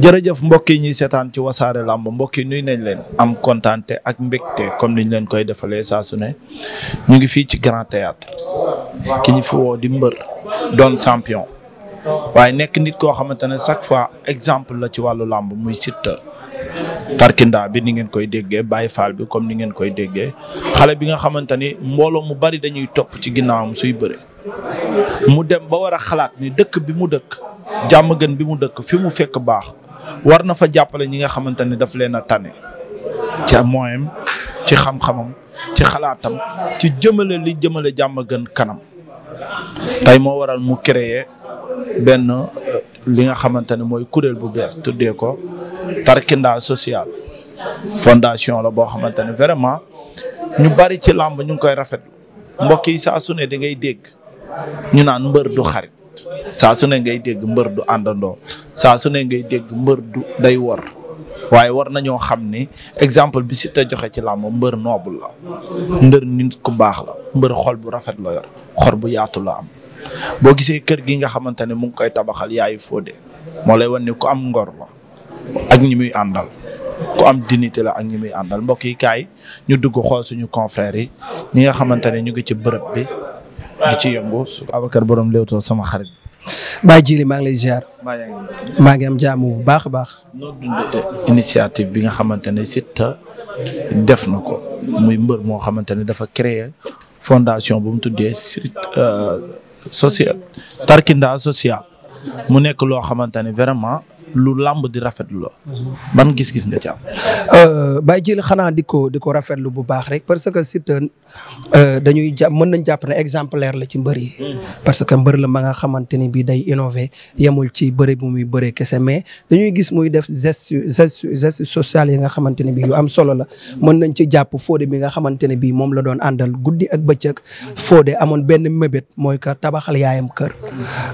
jërëjëf mbokk yi ñuy seetaan ci wasaare làmb mbokk yi nuyu nañ leen am kontaante ak mbégte comme niñ leen koy defalee saa su ne ñu ngi fii ci grand théâtre ki ñu fi woo di mbër doon champion waaye nekk nit koo xamante ne chaque fois exemple la ci wàllu làmb muy Siteu tarkindaa bi ni ngeen koy déggee Baye Fall bi comme ni ngeen koy déggee xale bi nga xamante ni mbooloo mu bari dañuy topp ci ginnaawam suy bëre mu dem ba war a xalaat ni dëkk bi mu dëkk jàmm gën bi mu dëkk fi mu fekk baax war na fa jàppale ñi nga xamante ne daf leen a tane ci am moyen ci xam-xamam ci xalaatam ci jëmale li jëmale jàmm gën kanam tey moo waral mu créer benn euh, li nga xamante ne mooy kuréel bu bees tuddee ko tarkinda sociale fondation la boo xamante ne vraiment ñu bari ci làmb ñu ngi koy rafet mbokk yi saa su ne da ngay dégg ñu naan mbër du xarit saa su ne ngay dégg mbër du àndandoo saa su ne ngay dégg mbër du day wor waaye war nañoo xam ni exemple bi Siteu joxe ci làmb mbër noble la mbër nit ku baax la mbër xol bu rafet la yor xor bu yaatu la am boo gisee kër gi nga xamante ne mu ngi koy tabaxal yaayu de moo lay wane ku am ngor la ak ñi muy àndal ku am dignité la ak ñi muy àndal mbokk yi kaay ñu dugg xool suñu confrères yi ñi nga xamante ñu ngi ci bërëb bi di ci yëngu su Abacar borom Leewtoo sama xarit. Baye Djili maa ngi lay ziar. maa ngi am jaamu bu baax a baax. noo bi nga xamante ne Siteu def na ko muy mbër moo xamante ne dafa créer fondation bu mu tuddee Siteu euh, social Tarkinda social mu nekk loo xamante ne lu làmb di rafetlu la. ban gis-gis nga ci am. Euh, Baye Jil xanaa di di ko rafetlu bu baax rek parce que Siteu dañuy jàpp mën nañ jàpp ne exemplaire la ci mbër yi. parce que mbër la ma nga xamante ni bii day innové yemul ci bëre bu muy bëree kese mais dañuy gis muy def geste geste geste social yi nga xamante ne bii yu am solo la. mën nañ ci jàpp foode bi nga xamante ne bii moom la doon àndal guddi ak bëccëg foode amoon benn mébét mooy que tabaxal yaayam kër.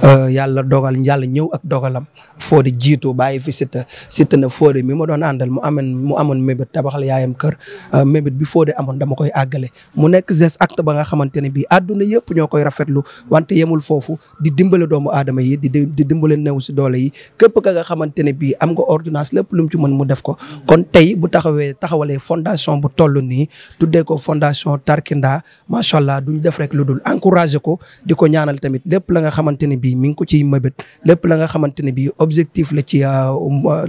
Euh, yàlla dogal yàlla ñëw ak dogalam Fodé jiitu surtout bàyyi fi Siteu Siteu na Fodé mi ma doon àndal mu amoon mu amoon mébét tabaxal yaayam kër euh, mébét bi Fodé amoon dama koy àggale mu nekk geste acte ba nga xamante ne bii àdduna yëpp ñoo koy rafetlu di dimbale doomu aadama yi si doole yi képp ka nga xamante ne bii am ga ordonnance lépp lu ci mën mu def ko kon tey bu taxawee taxawalee fondation bu toll nii tuddee ko fondation Tarkinda macha allah du def lu dul encouragé ko di ko ñaanal tamit lépp la nga xamante ne bii mi ngi ko ciy mébét lépp la nga xamante ne bii objectif la ci Euh, um, euh,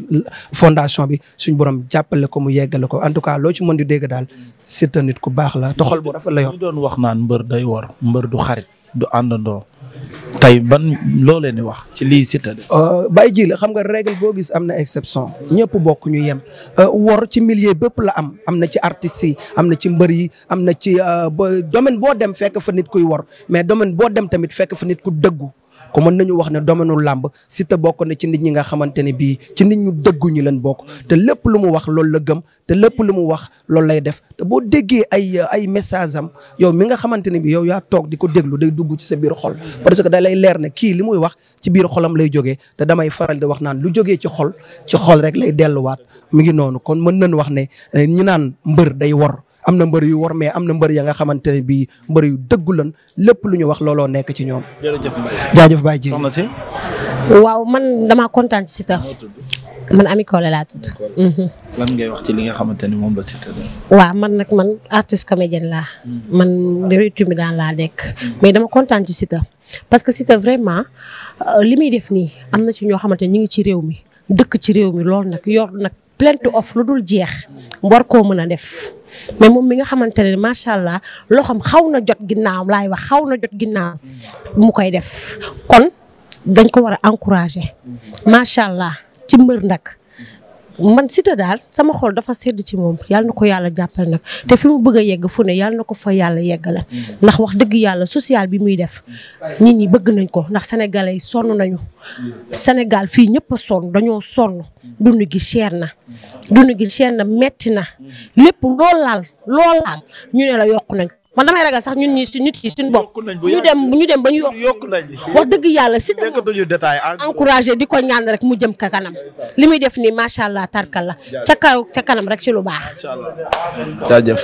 fondation bi suñ borom jàppale ko mu yeggale ko en tout cas loo ci mën di dégg daal c'est nit ku baax la te xol bu rafet la yor. ñu doon wax naan mbër day wor mbër du xarit du àndandoo. tey ba loo leen di wax ci lii Siteu. bàyyi ji la xam nga règle boo gis am na exception ñëpp bokk ñu yem euh, wor ci millier bépp la am am na ci artistes yi am na ci mbër yi am na ci domaine boo dem fekk fa nit kuy wor mais domaine boo dem tamit fekk fa nit ku dëggu. ko mën nañu wax ne domaine u làmb Siteu bokk na ci nit ñi nga xamante ne bii ci nit ñu dëggu ñu bokk te lépp lu mu wax loolu la gëm te lépp lu mu wax loolu lay def te boo déggee ay ay message am yow mi nga xamante ne bi yow yaa toog di ko déglu day dugg ci sa biir xol parce que da lay leer ne kii li muy wax ci biir xolam lay jógee te damay faral di wax naan lu jógee ci xol ci xol rek lay delluwaat mi ngi noonu kon mën nañ wax ne ñi naan mbër day wor am na mbër yu war mais am na mbër ya nga xamante ne bii mbër yu dëggu lan lépp lu ñu wax looloo nekk ci ñoom. jërëjëf Mbaye jaajëf Baye Dieng soxna waaw man damaa kontaan ci Siteu. man Ami Collé laa mhm. wax ci li nga xamante ni moom la Siteu. waaw man nag man artiste comédienne laa. Mhm. man réew mi daan laa dekk mhm. mais dama kontaan ci Siteu. parce que Siteu vraiment euh, li muy def nii am na ci ñoo xamante ni ñu ngi ci réew mi dëkk ci réew mi lool nag yor nag plenty of lu dul jeex war koo mën a def. mais moom mi nga xamante ne macha allah loxoom xaw na jot ginnaaw laay wax xaw na jot ginnaaw mu koy def kon dañ ko war a encourager macha allah ci mbër nag. man Siteu daal sama xol dafa sedd ci moom yàlla na ko yàlla jàppale nag te fi mu bëgg a yegg fu ne yàlla na ko fa yàlla yeggale ndax wax dëgg yàlla social bi muy def nit ñi bëgg nañ ko ndax sénégalais yi sonn nañu Sénégal fii ñëpp a sonn dañoo sonn dund gi cher na dund gi seen na metti na lépp lool laal lool laal ñu ne la yokk nañ man damay ragal sax ñun ñi si nit yi suñu bopp ñu dem ñu dem ba ñu yokku nañ wax dëgg yàlla si encouragé di ko ñaan rek mu jëm ka kanam li muy def ni macha allah tarkal la ca kaw ca kanam rek ci lu baax. jaajëf.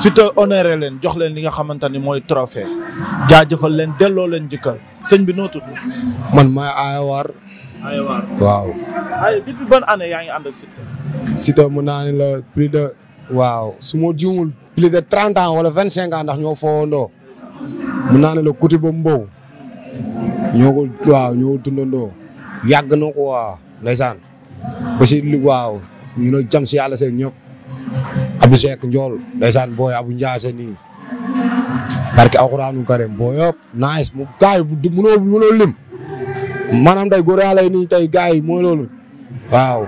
Siteu honoré leen jox leen li nga xamante ni mooy trophée jaajëfal leen delloo leen njëkkal sëñ bi nootu man maay Ayawaar. Ayawaar waaw. ay depuis ban année yaa ngi ànd ak Siteu. Siteu plus de. waaw su ma juumul plus de trente wala vingt cinq ans ndax ñoo foowandoo mun naa ne la kuti ba mbow. ñoo ko waaw ñoo dundandoo yàgg na ko waaw ndeysaan ba si waaw ñu jam si yàlla seeg ñëp bu Seck Njool ndeysaan booy Abu Njaase nii barke alxuraanu karim boo yëpp nice mu gaay mënoo mënoo lim maanaam tey góor yàlla yi nii tey gars yi mooy loolu waaw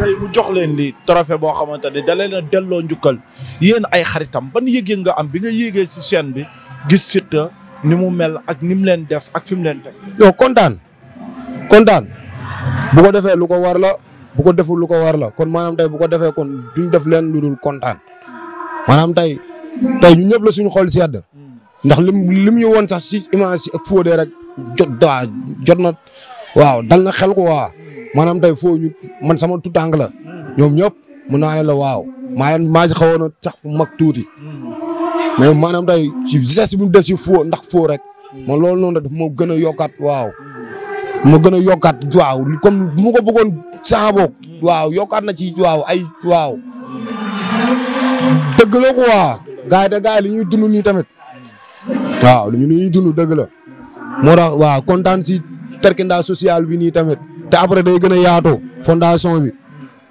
tey mu jox leen li trophée boo xamante ne da leen delloo njukkal yéen ay xaritam ban yëg-yëg nga am bi nga yéegee si chaîne bi gis Siteu ni mu mel ak ni leen def ak fi mu leen teg. kontaan kontaan defee lu ko bu ko deful lu ko war la kon maanaam tey bu ko defee kon duñ def leen lu dul kontaan maanaam tey tey ñu ñëpp la suñu xol sedd ndax lim lim ñu woon sax si image si Fodé rek jot daa jot na waaw dal na xel ko waaw maanaam tey foo ñu man sama tutànk la ñoom ñëpp mun naa ne la waaw maa leen maa ci xawoon a sax mag tuuti mais maanaam tey ci geste bu ñu def si foo ndax foo rek man loolu noonu rek daf ma gën a yokkaat waaw ma gën a yokkaat waaw comme mu ko bëggoon sax waaw yokkaat na ci waaw ay waaw dëgg la quoi gars te gars yi li ñuy dund nii tamit waaw li ñuy dund dëgg la moo tax waaw kontaan si terkinda social bi nii tamit te après day gën a yaatoo fondation bi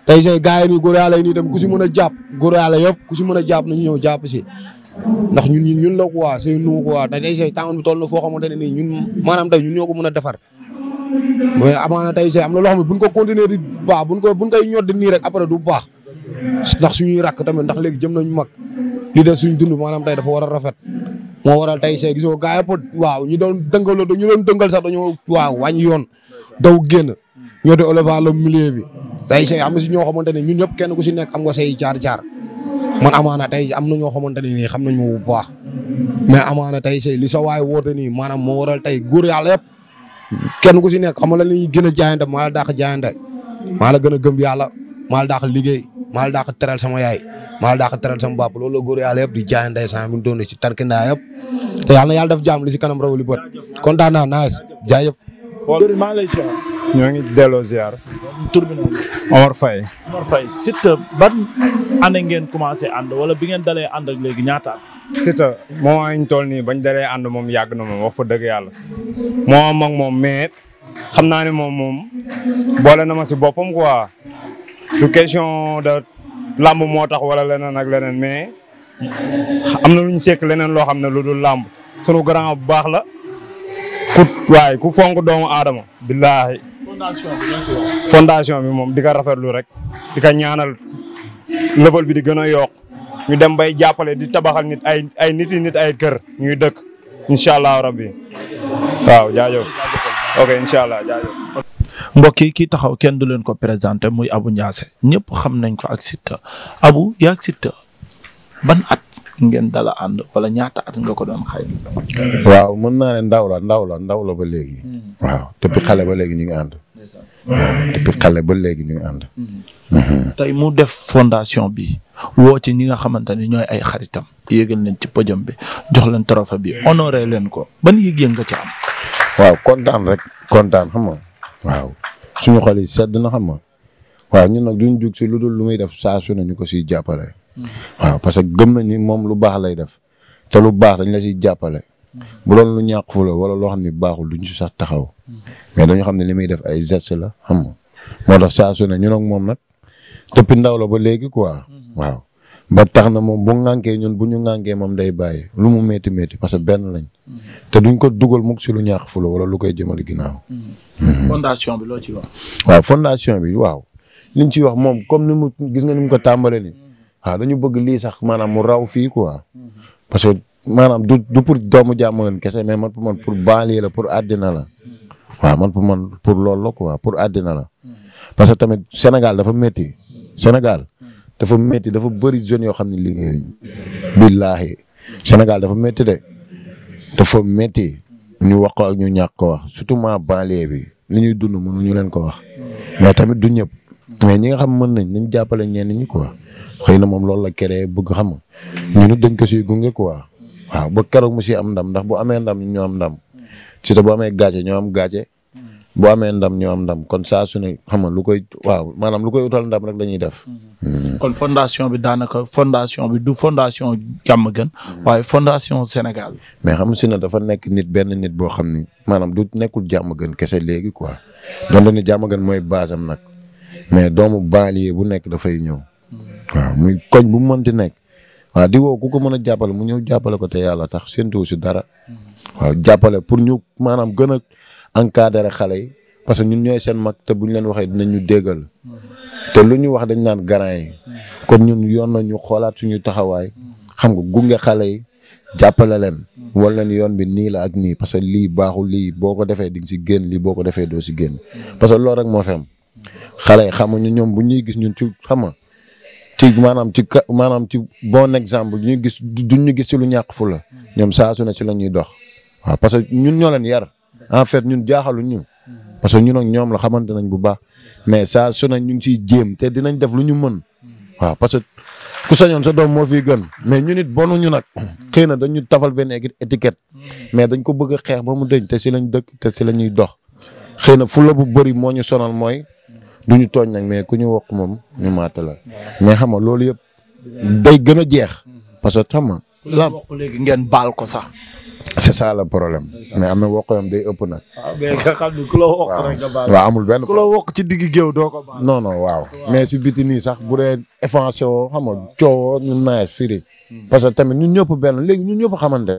tey say gars yi nii góor yàlla yi nii tamit ku si mën a jàpp góor yàlla yëpp ku si mën a jàpp nañu ñëw jàpp si ndax ñun ñun la quoi c'est nous quoi tey say tàngoor bi toll na foo xamante ne nii ñun maanaam tey ñun ñoo ko mën a defar mais amaana tey see am na loo xam ne buñ ko continuer di baax buñ ko buñ koy ñoddi nii rek après du baax ndax suñuy rakk tamit ndax léegi jëm nañu mag li des suñ dund maanaam tey dafa war a rafet moo waral tey see gisoo gaa yëpp waaw ñu doon dëngaloo ñu doon dëngal sax dañoo waaw wàññi yoon daw génn ñoo di élevage le milieu bi tey see am na si ñoo xamante ne ñun ñëpp kenn ku si nekk am nga say jaar-jaar man amaana tey am na ñoo xamante ne nii xam nañ ma bu baax mais amaana tey see li sa waay woote nii maanaam moo waral tey góor yàlla yëpp kenn ku si nekk xam nga la ñuy gën a jaayante maa la dàq jaayante maa la gën a gëm yàlla maa la dàq liggéey maa la dàq teral sama yaay maa la dàq teral sama bapp loolu la góor yàlla yëpp di jaayante saa mi doon si tarkindaa yëpp te yàlla na yàlla def jàmm li si kanam rawu li bët kontaan naa naas jaajëf. maa lay ziar. ñoo ngi delloo bi noonu. Omar Faye. Omar Faye dalee ànd ak léegi Siteu moo yi ñu toll nii bañ daree ànd moom yàgg na moom wax fa dëgg yàlla moo mag moom mais xam naa ne moom moom boole na ma si boppam quoi du question de làmb moo tax wala leneen ak leneen mais am na lu ñu sekk leneen loo xam ne lu dul làmb sunu grand bu baax la ku waaye ku fonk doomu aadama billaahi bi moom di ko rafetlu rek di ko ñaanal level bi di gën a yokk ñu dem bay jàppale di tabaxal nit ay ay nit yi nit ay kër ñuy dëkk incha allah rabbi waaw jaajëf ok incha allah jaajëf. mbokk yi kii taxaw kenn du leen ko présenté muy abu ñaase ñëpp xam nañ ko ak Siteu Abou yaa ak Siteu ban at ngeen dala ànd wala ñaata at nga ko doon xay waaw mën naa ne ndaw la ndaw la ndaw ba léegi. waaw xale ba léegi ñu ngi ànd. waaw xale ba léegi ñu ngi tey mu def fondation bi. woo ci ñi nga xamante ne ñooy ay xaritam yéegal leen ci podium bi jox leen trophée bi honoré leen ko ban yëg-yëg nga ci am. waaw kontaan rek kontaan xam nga waaw suñu xol sedd na xam nga waaw ñun nag duñ jug si lu dul lu muy def saa su ñu ko siy jàppale. waaw parce que gëm nañ moom lu baax lay def te lu baax dañ la siy jàppale. bu doon lu ñàkk fu la wala loo xam ne baaxul duñ si sax taxaw. mais dañu xam ne li muy def ay gestes la xam nga moo tax saa ne ñun ak moom nag depuis ndaw la waaw ba tax na moom bu ŋànkee ñun bu ñu ŋànkee moom day bàyyi lu mu métti métti parce que benn lañ. te duñ ko dugal mukk si lu ñaax fula wala lu koy jëmale ginnaaw. Mm-hmm. fondation bi loo ci wax. waaw fondation bi waaw liñ ci wax moom comme ni mu gis nga ni ko tàmbalee nii. waaw dañu bëgg lii sax maanaam mu raw fii quoi. parce que maanaam du du pour doomu jàmm kese mais man pour man pour banlieue la pour àddina la. waaw man pour man pour loolu la quoi pour àddina la. parce que tamit Sénégal dafa métti. Sénégal dafa métti dafa bëri jeunes yoo xam ne liggéeyuñ billaahi Sénégal dafa metti de dafa métti ñu wax ko ak ñu ñàkk ko wax surtout ma banlieue bi ni ñuy dund mënuñu leen ko wax mais tamit du ñëpp mais ñi nga xam mën nañ ni nañ jàppale ñenn ñi quoi xëy na moom loolu la créé bëgg xam ñu nit dañ ko siy gunge quoi waaw ba keroog mu si am ndam ndax bu amee ndam ñu am ndam surtout boo amee gàcce ñoo am gàcce boo amee ndam ñoo am ndam kon saa su ne xam nga lu koy waaw maanaam lu koy utal ndam rek lañuy def. Mm-hmm. kon fondation bi daanaka fondation bi du fondation jàmm gën. Mm-hmm. waaye fondation Sénégal. mais xam si ne dafa nekk nit benn nit boo xam ni maanaam du nekkul jàmm gën kese léegi quoi donte ni jàmm gën mooy base am nag mais doomu baal banlieue bu nekk dafay ñëw. Mm-hmm. waaw muy koñ bu mu mënti nekk. waaw di woo ku ko mën a jàppale mu ñëw jàppale ko te yàlla tax séntu si dara. waaw jàppale pour ñu maanaam gën a encadré xale yi parce que ñun ñooy seen mag te bu ñu leen waxee dinañ ñu déggal te lu ñu wax dañ naan grand yi kon ñun yoon na ñu xoolaat suñu taxawaay xam nga gunge xale yi jàppale leen wal leen yoon bi nii la ak nii parce que lii baaxul lii boo ko defee di si génn lii boo ko defee doo si génn parce que loolu rek moo fi xale yi xam ñu ñoom bu ñuy gis ñun ci xam nga ci maanaam ci maanaam ci bon exemple ñu gis duñu gis ci lu ñàkk fu la ñoom saa su ne ci la ñuy dox waaw parce que ñun ñoo leen yar en fait ñun jaaxalu parce que ñun ak ñoom la xamante nañ bu baax mais saa su ne ñu ngi ciy jéem te dinañ def lu ñu mën waaw parce que ku sañoon sa doom moo fi gën mais ñun it bonu ñu nag xëy na dañu tafal benn étiquette mais dañ ko bëgg a xeex ba mu dëñ te si lañ dëkk te si la ñuy dox xëy na fulla bu bëri moo ñu sonal mooy du ñu tooñ nag mais ku ñu wax moom ñu maata la mais xam nga loolu yëpp day gën a jeex parce que xam nga. léegi ngeen baal ko sax. c'est ça le problème mais am na wokk yam day ëpp nag. Ah, waaw amul benn ku la wokk ci digg géew doo ko baax. waaw mais si biti nii sax bu dee effacé woo xam nga coowoo ñun naaj firi. Hmm. parce que tamit ñun ñëpp benn léegi ñun ñëpp xamante.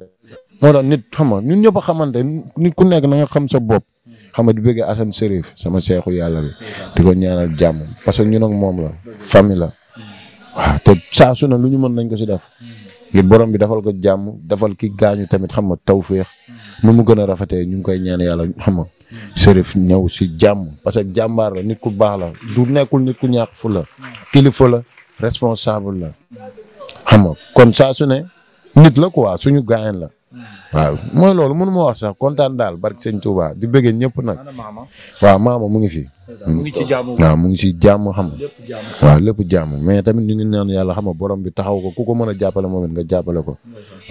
moo tax nit xam nga ñun ñëpp xamante nit ku nekk na nga xam sa bop hmm. xama nga di bëgg Assane Serif sama seexu yàlla bi. Hmm. di ko ñaanal jàmm parce que ñun ak moom la. famille la. waaw te saa su ne lu ñu mën nañ ko si def. ngir borom bi dafal ko jàmm defal ki gaañu tamit xam nga tawféex mm-hmm. nu mu gën a rafetee ñu ngi koy ñaan yàlla xam nga Chérif mm-hmm. ñëw si jàmm parce que jàmbaar la nit ku baax la du nekkul nit ku ñàkk fu la mm-hmm. kilifa la responsable la xam nga kon saa ne nit la quoi suñu gaañan la. waaw mooy loolu mënu ma wax sax kontaan daal barke sëñ Touba di bëggee ñëpp nag. waaw maama mu ngi fi. mu ngi ci mu ngi ci jàmm xam nga. waaw lépp jàmm mais tamit ñu ngi naan yàlla xam nga borom bi taxaw ko ku ko mën a jàppale moom it nga jàppale ko.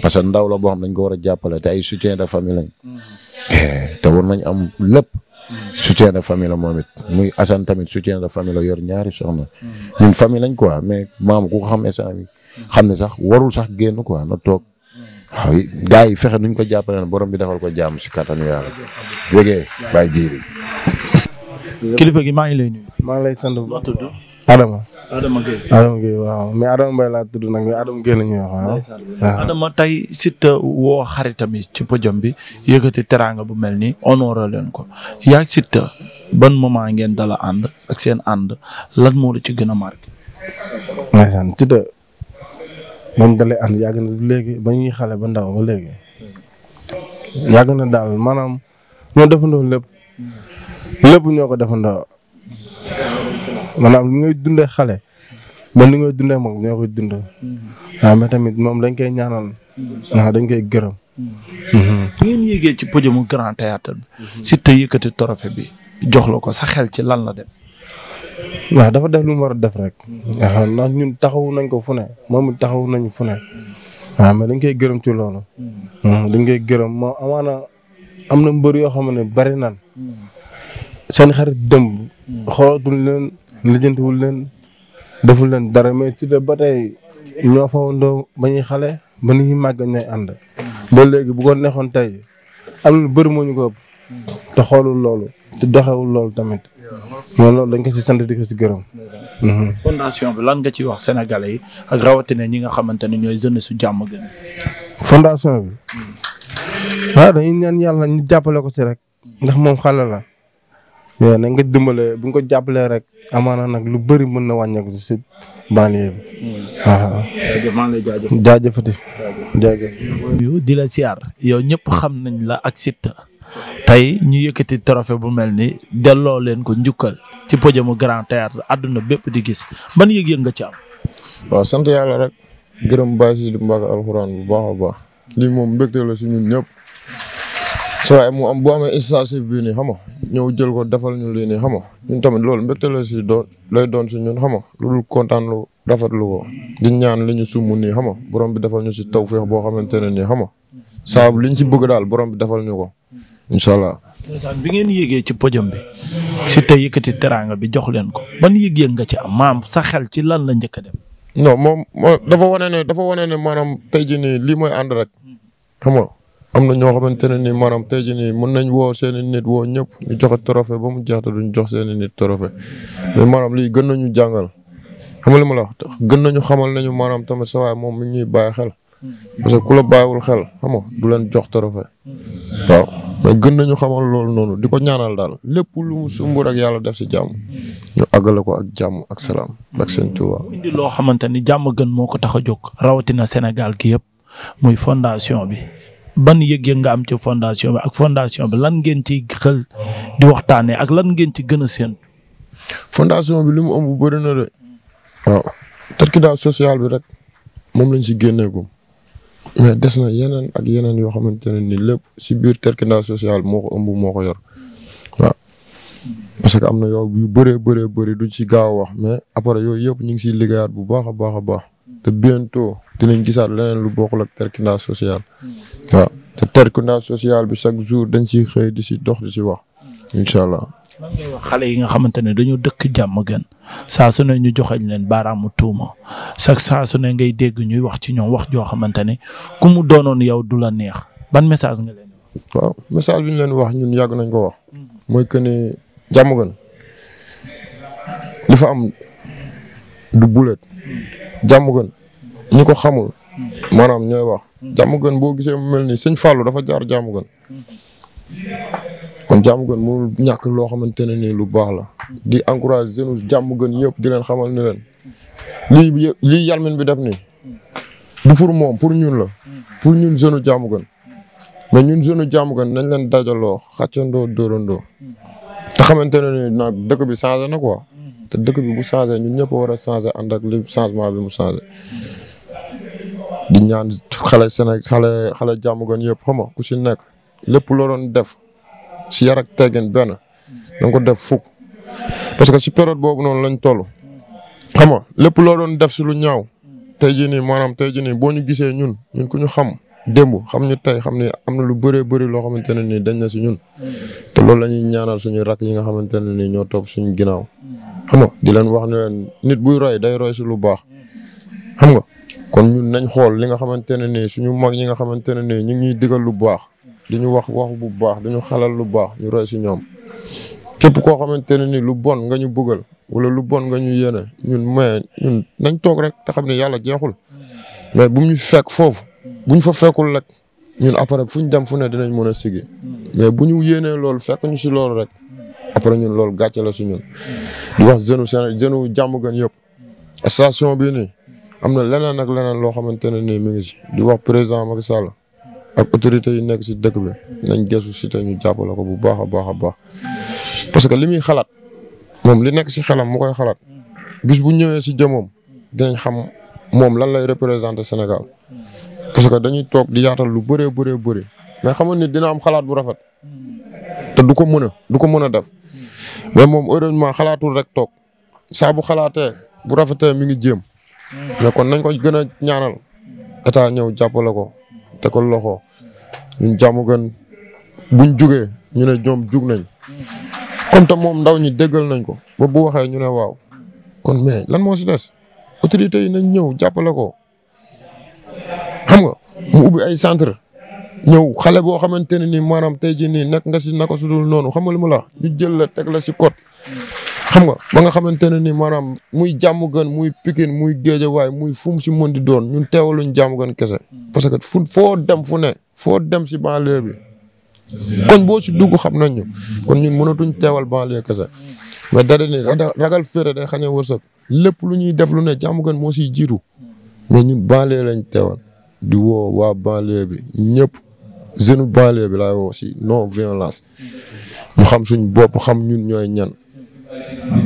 parce que ndaw la boo xam dañ ko war a jàppale te ay soutien de famille lañ. Mm-hmm. Eh, te war nañ am lépp. Mm-hmm. soutien de famille la moom it muy Assane tamit soutien de famille yor ñaari soxna. Mm-hmm. ñun famille lañ quoi mais maama ku xam instant bi xam ne sax warul sax génn quoi na toog. waaw gars yi fexe nuñ ko jàppale borom bi defal ko jàmm si kattanu yàlla. wégee bàyyi jiiri. kilifa gi maa ngi lay nuyu. lay sant bu baax tudd. Adama. Adama Gueye ñuy wax waaw. Adama tey Siteu woo xaritam ci podium bi yëkkati teraanga bu mel nii honoré leen ko yaa Siteu ban moment ngeen dala ànd ak seen ànd lan moo la ci gën a marqué. moom dalay ànd yàgg na léegi ba ñuy xale ba ndaw ma léegi yàgg na daal maanaam ñoo defandoo lépp lépp ñoo ko defandoo maanaam li ngay dundee xale ba nu ngay dundee moom ñoo koy dund waaw mais tamit moom dañ koy ñaanal waaw dañ koy gërëm. ngeen yéegee ci podium mu Théâtre bi. Siteu yëkkati trophée bi jox la ko sa xel ci lan la dem. waa dafa def lu mu war a def rek. Mm-hmm. na ñun taxawu nañ ko fu ne moom taxawu nañu fu ne. waaw mais dañ koy gërëm ci loolu. Mm-hmm. Mm-hmm, dañ koy gërëm moom amaana am na mbër yoo xam ne bari nan seen xarit dëmb. xoolatul leen lijjantiwul leen deful leen dara mais ci ba tey ñoo fa wandoo ba ñuy xale ba ni ñuy màgg ñooy ànd. ba léegi buggoon ko neexoon tey am na lu bëri moo ñu ko te xoolul loolu te doxewul loolu tamit. loolu dañ ko si sant di ko si gërëm. Mm-hmm. fondation bi lan nga ci wax sénégalais yi ak rawatina ñi nga xamante ne ñooy jeune su jàmm gën. fondation bi. waaw ah, dañuy ñaan yàlla ñu jàppale ko si rek. ndax moom xale la. waaw na nga dimbale bu nga ko jàppalee rek amaana nag lu bari mën na wàññeeku si banlieue bi. waaw mm-hmm. ah, ah. jaajëf maa ngi lay jaajëf. jaajëfati. di la siyaar yow ñëpp xam nañ la ak Siteu. tey ñu yëkkati trophée bu mel ni delloo leen ko njukkal ci podiumu grand théâtre àdduna bépp di gis ban yëg-yëg nga ci am. waaw sant yàlla rek gërëm Baye Sidi Mbacké alxuraan bu baax a baax lii moom mbégte la si ñun ñëpp soo waaye mu am bu amee initiative bii nii xam nga ñëw jël ko defal ñu lii nii xam nga ñun tamit loolu mbégte la si doon lay doon si ñun xam lu dul kontaan lu rafetlu ko di ñaan li ñu sumu nii xam nga borom bi defal ñu si tawféex boo xamante ne nii xam nga saabu liñ si bëgg daal borom bi defal ñu ko. incha allah. bi ngeen yéegee ci podium bi Siteu yëkkati teraanga bi jox leen ko ban yëg-yëg nga ci am maam sa xel ci lan la njëkk a dem. non moom dafa wane ne dafa wane ne maanaam tey jii nii lii mooy ànd rek xam na ñoo xamante ne nii maanaam tey jii mën nañ woo seen i nit woo ñëpp ñu joxe trophée ba mu jeex te duñ jox seen i nit trophée mais maanaam lii gën nañu jàngal xam ma la wax gën nañu xamal nañu maanaam tamit sa waay moom mi ñuy bàyyi xel. parce que ku la bàyyiwul xel xam du leen jox trophée waaw mais gën nañu xamal loolu noonu di ko ñaanal daal lépp lu mu sumb rek yàlla def si jàmm ñu àggale ko ak jàmm ak salaam ak seen Tuuba xamante ni jàmm gën moo ko tax a jóg rawatina Sénégal yëpp muy fondation bi ban yëg-yëg nga am ci fondation bi ak fondation bi lan ngeen ci xel di waxtaanee ak lan ngeen ci gën a séen fondation bi li mu am bu de waaw tarki daal social bi rek moom lañ si génneegum mais des na yeneen ak yeneen yoo xamante ne nii lépp si biir terkindaa sociale moo ko ëmb moo ko yor waaw. parce que am na yow yu bëree bëree bëri duñ si gaaw wax mais après yooyu yëpp ñu ngi siy liggéeyaat bu baax a baax a baax. te bientôt dinañ gisaat leneen lu bokkul ak terkindaa sociale. waaw te terkindaa sociale bi chaque jour dañ siy xëy di si dox di si wax. incha allah. lan ngay wax xale yi nga xamante ne dañoo dëkk jàmm gën saa su ne ñu joxañ leen baaraamu tuuma sax saa su ne ngay dégg ñuy wax ci ñoom wax joo xamante ne ku mu doonoon yow du la neex ban message nga leen wax. message bi ñu leen wax ñun yàgg nañ ko wax. mooy que ne jàmm gën li fa am du bulet jàmm gën ñi ko xamul maanaam ñooy wax jàmm gën boo gisee mu mel nii sëñ Fallou dafa jaar jàmm gën. kon jàmm gën mënul ñàkk loo xamante ne nii lu baax la di encouragé jeunes jàmm gën yëpp di leen xamal ni leen lii lii Yalmine bi def ni du pour moom pour ñun la pour ñun jeunes jàmm gën ñun jeunes jàmm gën nañ leen dajaloo xàccandoo doorandoo te xamante ne nii nag dëkk bi changé na ko te dëkk bi bu changé ñun ñëpp war a changé ànd ak li changement bi mu changé di ñaan xale Sénégal xale xale jàmm yëpp xam nga ku si nekk lépp loo doon def si yar ak teggin benn na def fukk parce que si période boobu noonu lañu toll. xam nga lépp loo doon def si lu ñaaw te jii maanaam tey jii nii boo ñu gisee ñun ñun ku ñu xam démb xam ñu tey xam ni am na lu bëree bëri loo xamante ne nii dañ na si ñun. te loolu la ñuy ñaanal suñu rakk ñi nga xamante ne nii ñoo topp suñu ginnaaw xam di leen wax ne leen nit buy roy day roy si lu baax xam nga kon ñun nañ xool li nga xamante ne nii suñu mag ñi nga xamante ne nii ñu ngi digal lu baax di ñu wax wax bu baax di ñu xalal lu baax ñu roy si ñoom képp koo xamante ne ni lu bon nga ñu bëggal wala lu bon nga ñu yéene ñun mais ñun nañ toog rek te xam ne yàlla jeexul mais bu ñu fekk foofu bu ñu fa fekkul rek ñun après fu ñu dem fu ne dinañ mën a sigi mais bu ñu yéenee loolu fekk ñu si loolu rek après ñun loolu gàcce la si ñun. di wax jeune Sénégal jeune jàmm gan yëpp station bii nii am na leneen nag leneen loo xamante ne nii mi ngi si di wax président Macky Sall ak autorité yi nekk si dëkk bi nañ gesu si ñu jàppale ko bu baax a baax a baax parce que li muy xalaat moom li nekk si xelam mu koy xalaat bis bu ñëwee si jëmoom dinañ xam moom lan lay représenter Sénégal parce que dañuy toog di yaatal lu bëree bëree bëri mais xamoon ni dina am xalaat bu rafet te du ko mën a du ko mën a def mais moom heureusement xalaatul rek toog saabu xalaatee bu rafetee mi ngi jéem mais kon nañ ko gën a ñaanal état ñëw jàppale ko. te ko loxo ñun jàmm buñ jugee ñu ne ñoom jug nañ comme te moom ndaw ñi déggal nañ ko ba bu waxee ñu ne waaw kon mais lan moo si des autorités yi nañ ñëw jàppale ko xam nga mu ubbi ay centre ñëw xale boo xamante ne nii maanaam te jii nii nekk nga si naka sudul noonu xam nga lu ma la ñu jël la teg la si code xam nga ba nga xamante ne ni maanaam muy jàmm gën muy Pikine muy Géejawaay muy fu si mën di doon ñun teewaluñ jàmm gën kese. parce que fu foo dem fu ne foo dem si banlieue bi. kon boo si dugg xam nañ ñu. kon ñu mënatuñ teewal banlieue kese. mais dara ni ragal féré day xañee wërsëg lépp lu ñuy def lu ne jàmm gën moo siy jiitu. mais ñun banlieue lañ teewal. di woo bi ñëpp jeune banlieue bi laay woo si non ñu xam suñ bopp xam ñun ñooy ñan.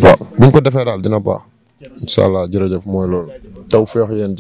waaw bu ñu ko defee daal dina baax incha allah jërëjëf mooy loolu taw feex yéen